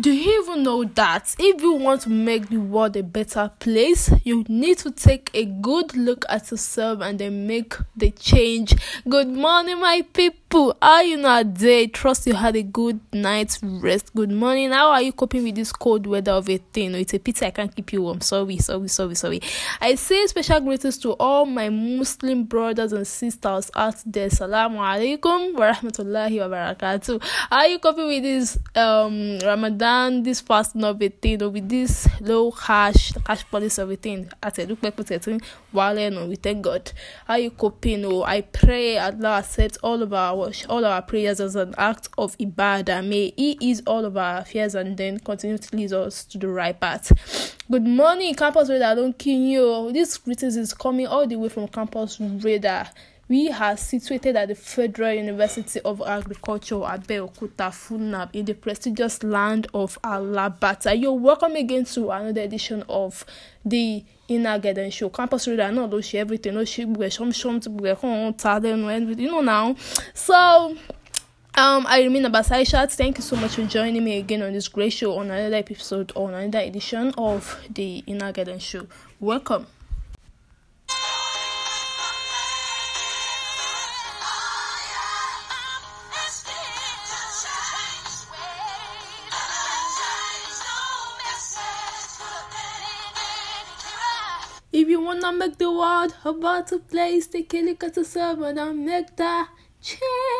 Do you even know that if you want to make the world a better place, you need to take a good look at yourself and then make the change? Good morning, my people. How you not day? Trust you had a good night's rest. Good morning. How are you coping with this cold weather of a thing? It's a pity I can't keep you warm. Sorry, sorry, sorry, sorry. I say special greetings to all my Muslim brothers and sisters out there. Assalamu alaikum wa rahmatullahi wa barakatuh. How are you coping with this um Ramadan? around this fast, knob eighteen with this low cash cash policy of eighteen àtẹ̀dúpẹ́pẹ́ thirteen wà and we thank God how you coping Oh, I pray Allah accept all of our all our prayers as an act of ibadah may he ease all of our fears and then continue to lead us to the right path. Good morning campus radar Don't kill you this greetings is coming all the way from campus radar. We are situated at the Federal University of Agriculture, Abeokuta, Funab, in the prestigious land of Alabata. You're welcome again to another edition of the iná gẹ̀dẹ̀ ṣò campus radar náà ló ṣe everything No ṣe gbogbo ẹ̀ ṣọ́mṣọ́m ti gbogbo ẹ̀ kàn ń ta you know now so. Um, I remain Abasai shots. Thank you so much for joining me again on this great show, on another episode, on another edition of the Inner Garden Show. Welcome. wanna make the world about to place the kill cut to serve and I make that change.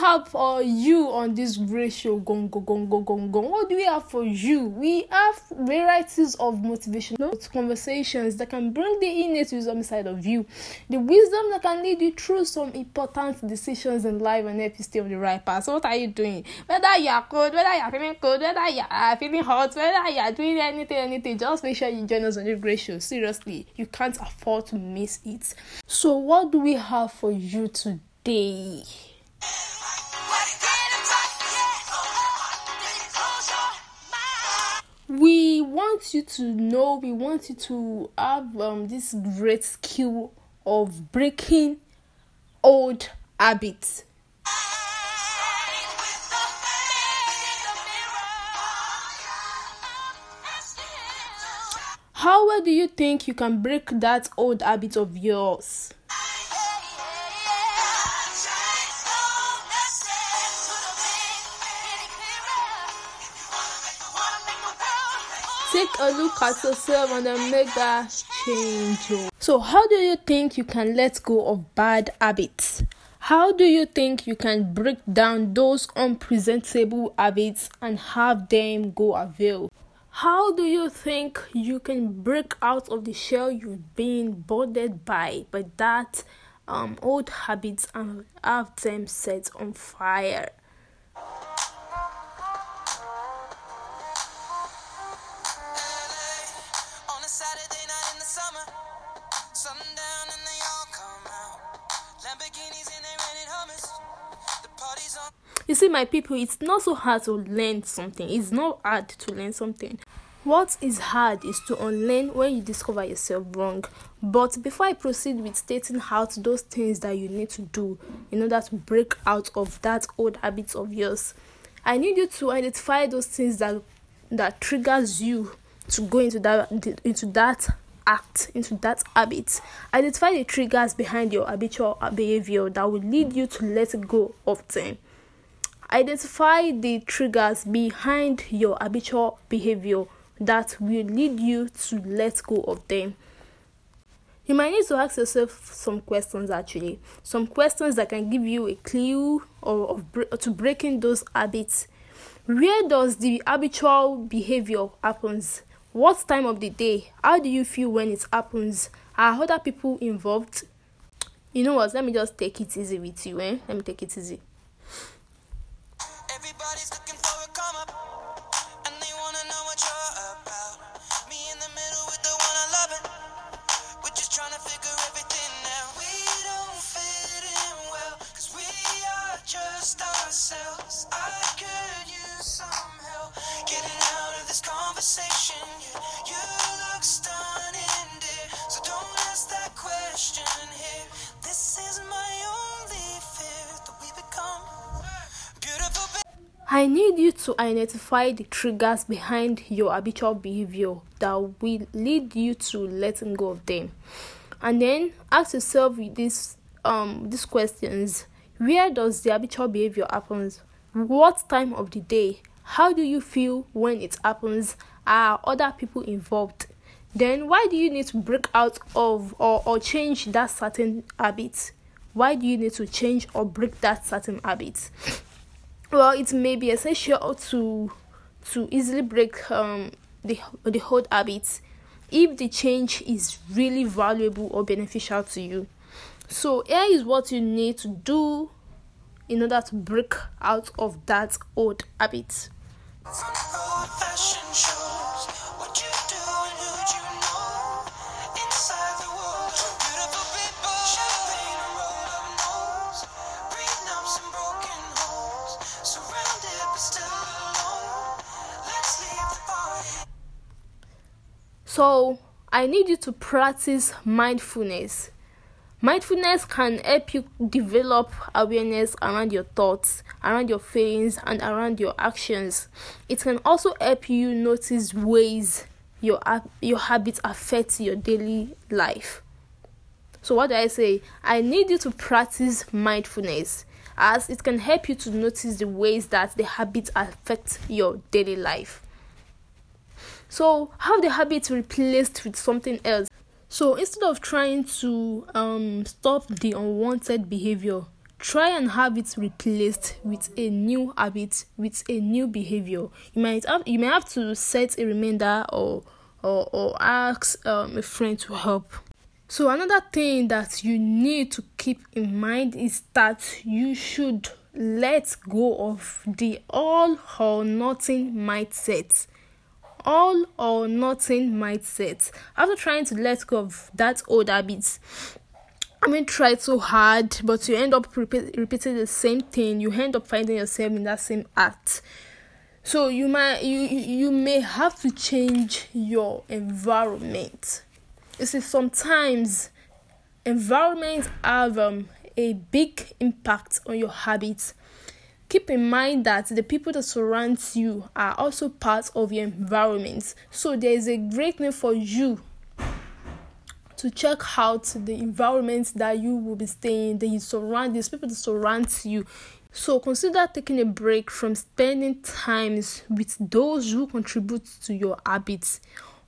have for you on this ratio? Gong, gong, gong, gong, gong, What do we have for you? We have varieties of motivational conversations that can bring the innate wisdom inside of you, the wisdom that can lead you through some important decisions in life and help you stay on the right path. So, what are you doing? Whether you are cold, whether you are feeling cold, whether you are feeling hot, whether you are doing anything, anything, just make sure you join us on this ratio. Seriously, you can't afford to miss it. So, what do we have for you today? we want you to know we want you to have um, this great skill of breaking old habits how well do you think you can break that old habit of yours take a look at yourself and then make that change. Oh. So, how do you think you can let go of bad habits? How do you think you can break down those unpresentable habits and have them go avail? How do you think you can break out of the shell you've been boarded by, by that um, old habits and have them set on fire? You see, my people, it's not so hard to learn something. It's not hard to learn something. What is hard is to unlearn when you discover yourself wrong. But before I proceed with stating out those things that you need to do in order to break out of that old habit of yours, I need you to identify those things that that triggers you to go into that into that act into that habit. Identify the triggers behind your habitual behavior that will lead you to let go of them. Identify the triggers behind your habitual behavior that will lead you to let go of them. You might need to ask yourself some questions actually, some questions that can give you a clue or, or to breaking those habits. Where does the habitual behavior happens? What time of the day? How do you feel when it happens? Are other people involved? You know what? Let me just take it easy with you, eh? Let me take it easy. I need you to identify the triggers behind your habitual behavior that will lead you to letting go of them. And then ask yourself these um these questions. Where does the habitual behavior happens? What time of the day? How do you feel when it happens? Are other people involved? Then why do you need to break out of or, or change that certain habit? Why do you need to change or break that certain habit? well it may be essential to to easily break um, the the old habits if the change is really valuable or beneficial to you so here is what you need to do in order to break out of that old habit So, I need you to practice mindfulness. Mindfulness can help you develop awareness around your thoughts, around your feelings, and around your actions. It can also help you notice ways your, your habits affect your daily life. So, what do I say? I need you to practice mindfulness as it can help you to notice the ways that the habits affect your daily life. So have the habit replaced with something else. So instead of trying to um, stop the unwanted behavior, try and have it replaced with a new habit, with a new behavior. You might have you may have to set a reminder or or, or ask um, a friend to help. So another thing that you need to keep in mind is that you should let go of the all or nothing mindset all or nothing mindset. After trying to let go of that old habit, I mean, try so hard, but you end up repeat, repeating the same thing. You end up finding yourself in that same act. So you might you you may have to change your environment. You see, sometimes environments have um, a big impact on your habits Keep in mind that the people that surround you are also part of your environment. So there is a great need for you to check out the environment that you will be staying, the surroundings, people that surround you. So consider taking a break from spending times with those who contribute to your habits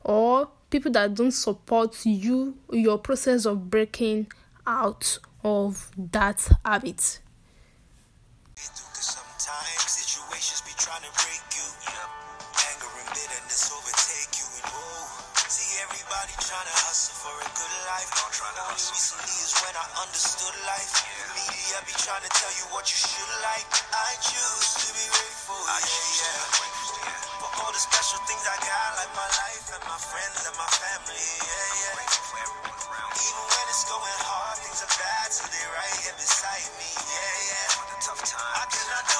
or people that don't support you your process of breaking out of that habit. trying to break you. Yep. Anger and bitterness overtake you. And oh, see everybody trying to hustle for a good life. All recently is when I understood life. Yeah. The media be trying to tell you what you should like. I choose to be grateful. I choose yeah. to be grateful. For all the special things I got, like my life and my friends and my family. Yeah, yeah. Even when it's going hard, things are bad, so they're right here beside me. Yeah, yeah. For the tough times. I cannot do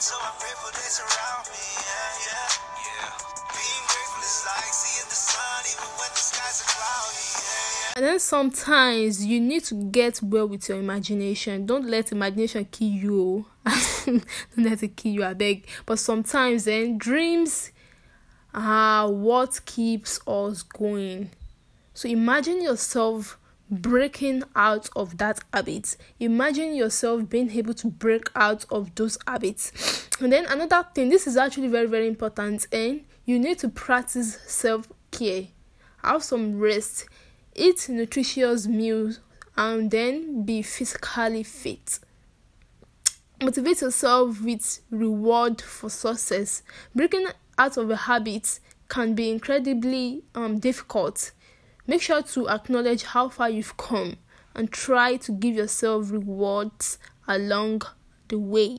so I pray for this around me, yeah, yeah. yeah. Being grateful is like seeing the sun even when the skies are cloudy, yeah, And then sometimes you need to get well with your imagination. Don't let imagination kill you. Oh. Don't let it kill you, I beg. But sometimes then eh, dreams are what keeps us going. So imagine yourself breaking out of that habit. Imagine yourself being able to break out of those habits. And then another thing, this is actually very, very important, and you need to practice self care. Have some rest, eat nutritious meals, and then be physically fit. Motivate yourself with reward for success. Breaking out of a habit can be incredibly um, difficult Make sure to acknowledge how far you've come and try to give yourself rewards along the way.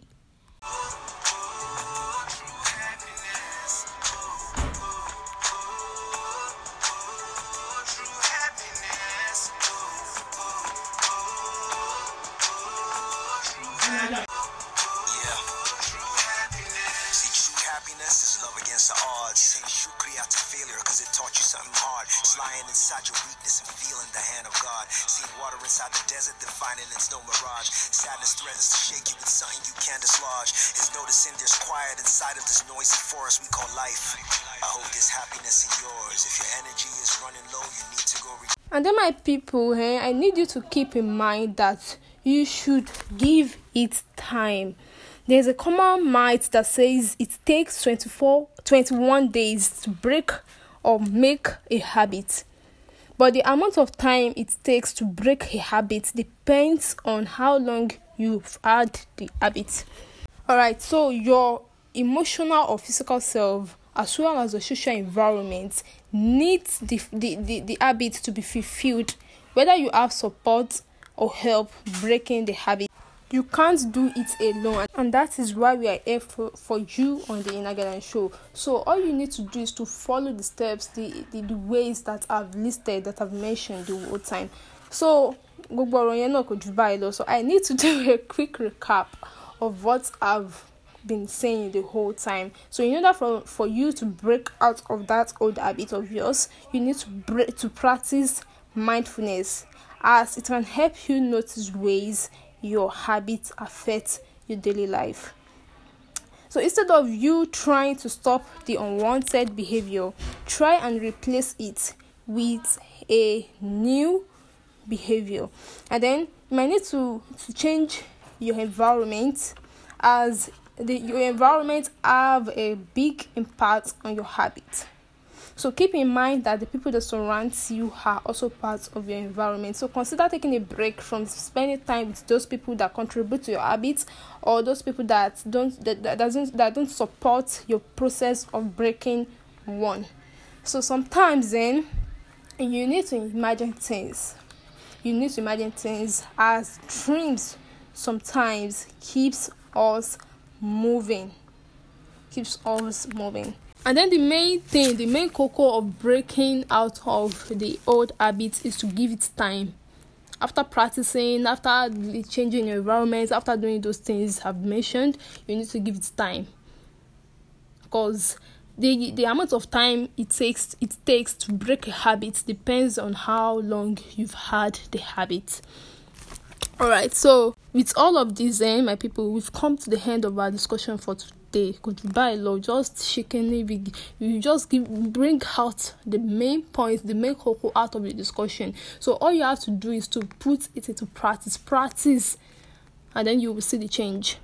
inside your weakness and feeling the hand of God. Seeing water inside the desert, then finding it's no mirage. Sadness threatens to shake you with something you can't dislodge. Is noticing there's quiet inside of this noisy forest we call life. I hope this happiness is yours. If your energy is running low, you need to go. Re- and then, my people, hey, eh, I need you to keep in mind that you should give it time. There's a common myth that says it takes 24 21 days to break or make a habit but the amount of time it takes to break a habit depends on how long you've had the habit. Alright, so your emotional or physical self, as well as the social environment, needs the, the, the, the habit to be fulfilled, whether you have support or help breaking the habit. You can't do it alone, and that is why we are here for, for you on the Inagadan show. So, all you need to do is to follow the steps, the, the, the ways that I've listed, that I've mentioned the whole time. So, gbogbo ọ̀rọ̀ yẹn náà kò jù báyìí lọ. So, I need to do a quick recap of what I've been saying the whole time. So in order for for you to break out of that old habit of yours, you need to break to practice mindfulness as it can help you notice ways your habits affect your daily life. So instead of you trying to stop the unwanted behavior, try and replace it with a new behavior. And then you might need to, to change your environment as the, your environment have a big impact on your habit. So keep in mind that the people that surround you are also part of your environment. So consider taking a break from spending time with those people that contribute to your habits or those people that don't that, that doesn't that don't support your process of breaking one. So sometimes then you need to imagine things. You need to imagine things as dreams sometimes keeps us moving keeps us moving and then the main thing, the main cocoa of breaking out of the old habits is to give it time. After practicing, after changing your environment, after doing those things I've mentioned, you need to give it time. Because the the amount of time it takes it takes to break a habit depends on how long you've had the habit. Alright, so with all of these, eh, my people, we've come to the end of our discussion for today day could law just shaking it you just give, bring out the main points the main cocoa out of the discussion so all you have to do is to put it into practice practice and then you will see the change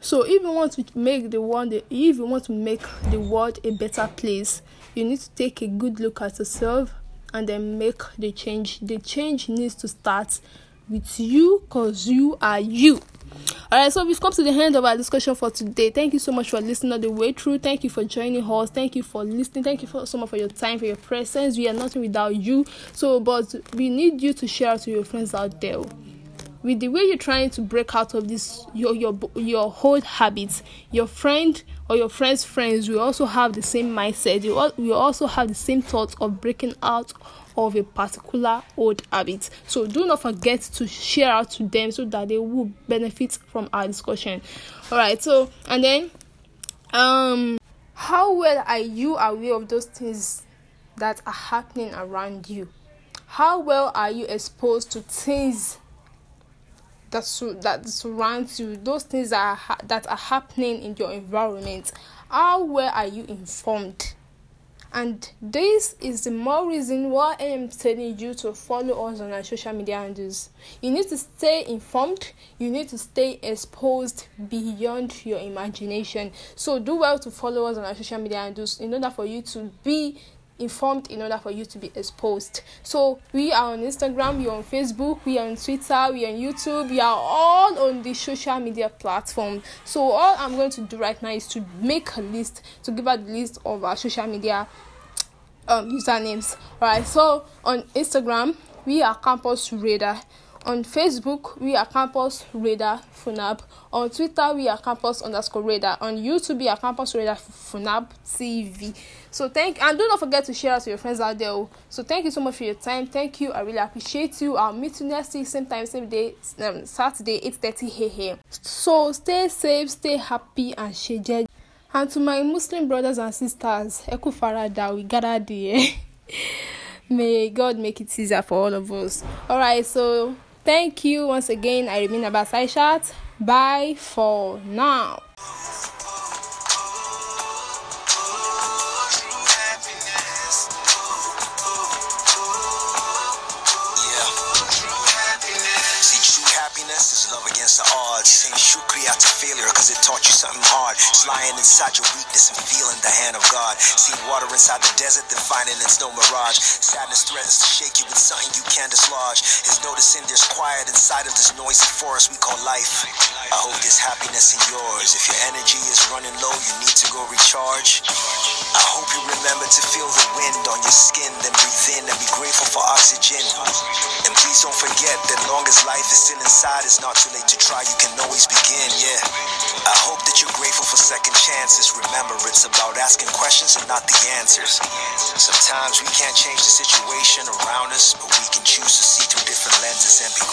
so if you want to make the world if you want to make the world a better place you need to take a good look at yourself and then make the change the change needs to start with you because you are you Alright, so we've come to the end of our discussion for today. Thank you so much for listening all the way through. Thank you for joining us. Thank you for listening. Thank you for so much for your time, for your presence. We are nothing without you. So, but we need you to share to your friends out there with the way you're trying to break out of this your your your old habits your friend or your friend's friends will also have the same mindset. You will also have the same thoughts of breaking out of a particular old habit. So do not forget to share out to them so that they will benefit from our discussion. All right. So and then, um, how well are you aware of those things that are happening around you? How well are you exposed to things that su- that surrounds you those things that are ha- that are happening in your environment how well are you informed and this is the more reason why I am telling you to follow us on our social media handles. You need to stay informed, you need to stay exposed beyond your imagination. So, do well to follow us on our social media handles in order for you to be informed in order for you to be exposed. So we are on Instagram, we are on Facebook, we are on Twitter, we are on YouTube, we are all on the social media platform. So all I'm going to do right now is to make a list to give out the list of our social media um, usernames. Right. so on Instagram we are Campus Radar. On Facebook, we are Campus Radar Funab. On Twitter, we are Campus underscore Radar. On YouTube, we are Campus Radar Funab TV. So thank and do not forget to share us with your friends out there. Oh. So thank you so much for your time. Thank you. I really appreciate you. I'll meet you next week, same time, same day, um, Saturday, 8:30 a.m. So stay safe, stay happy, and share. And to my Muslim brothers and sisters, Eku Farada, we gather here. May God make it easier for all of us. All right, so. Thank you once again. I remain Abbas shot. Bye for now. inside your weakness and feeling the hand of God. See water inside the desert, then finding it's no mirage. Sadness threatens to shake you with something you can't dislodge. Is noticing there's quiet inside of this noisy forest we call life. I hope there's happiness in yours. If your energy is running low, you need to go recharge. I hope you remember to feel the wind on your skin, then breathe in and be grateful for oxygen. And please don't forget that long as life is still inside, it's not too late to try. You can always begin, yeah. I hope that you're grateful for second chances chances. Remember, it's about asking questions and not the answers. Sometimes we can't change the situation around us, but we can choose to see through different lenses and be